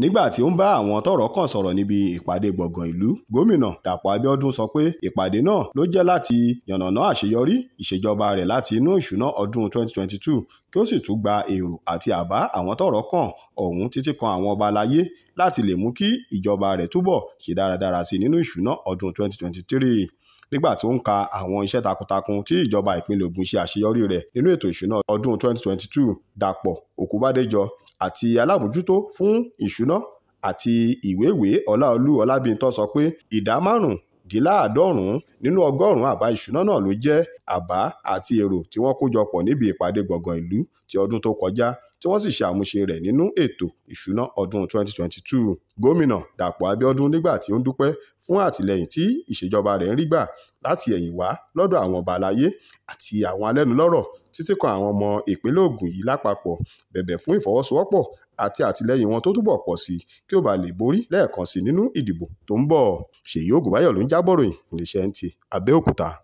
nígbà tí ń bá àwọn tọ́rọ̀ kàn sọ̀rọ̀ níbi ìpàdé gbọ̀ngàn ìlú gómìnà dàpọ̀ abíọ́dún sọ pé ìpàdé náà ló jẹ́ láti yànnàná àṣeyọrí ìṣèjọba rẹ̀ láti inú ìṣúná ọdún 2022 kí ó sì tún gba èrò àti àbá àwọn tọ́rọ̀ kàn ọ̀hún títí kan àwọn ọba aláyé láti lè mú kí ìjọba rẹ̀ túbọ̀ ṣe dáradára sí nínú ìṣúná ọdún 2023 nígbà tó ń ka àwọn iṣẹ́ takuntakun tí ìjọba ìpínlẹ̀ Ògùn ṣe àṣeyọrí rẹ̀ nínú ètò ìṣúná ọdún 2022 Dàpọ̀ Òkúbádéjọ àti alábòjútó fún ìṣúná àti ìwéèwé Ọláolú Ọlábìntán sọ pé ìdá márùndínláàádọ́rùn-ún nínú ọgọ́rùn-ún àbá ìṣúná náà ló jẹ́ àbá àti èrò tí wọ́n kó jọ pọ̀ níbi ìpàdé gbọ̀ngàn ìlú ti ọdún tó kọjá tí wọ́n sì ṣe àmúṣe rẹ̀ nínú ètò ìṣúná ọdún 2022. gómìnà dàpọ̀ abíọ́dún nígbà tí ó ń dúpẹ́ fún àtìlẹ́yìn tí ìṣèjọba rẹ̀ ń rí gbà láti ẹ̀yìn wá lọ́dọ̀ àwọn ọba aláyé àti àwọn alẹ́nulọ́rọ̀ títí kan àwọn ọmọ ìpínlẹ̀ Ògùn yìí lápapọ̀ bẹ̀bẹ̀ fún ìfọwọ́sowọ́pọ̀ àti àtìlẹ́yìn wọn tó túbọ̀ pọ̀ sí kí ó bá lè borí lẹ́ẹ̀kan sí nínú ìdìbò tó ń bọ̀ Ṣèyí Ògùnbáyọ̀ ló ń jábọ̀ròyìn fún iléeṣẹ́ NTA. a Belkutar.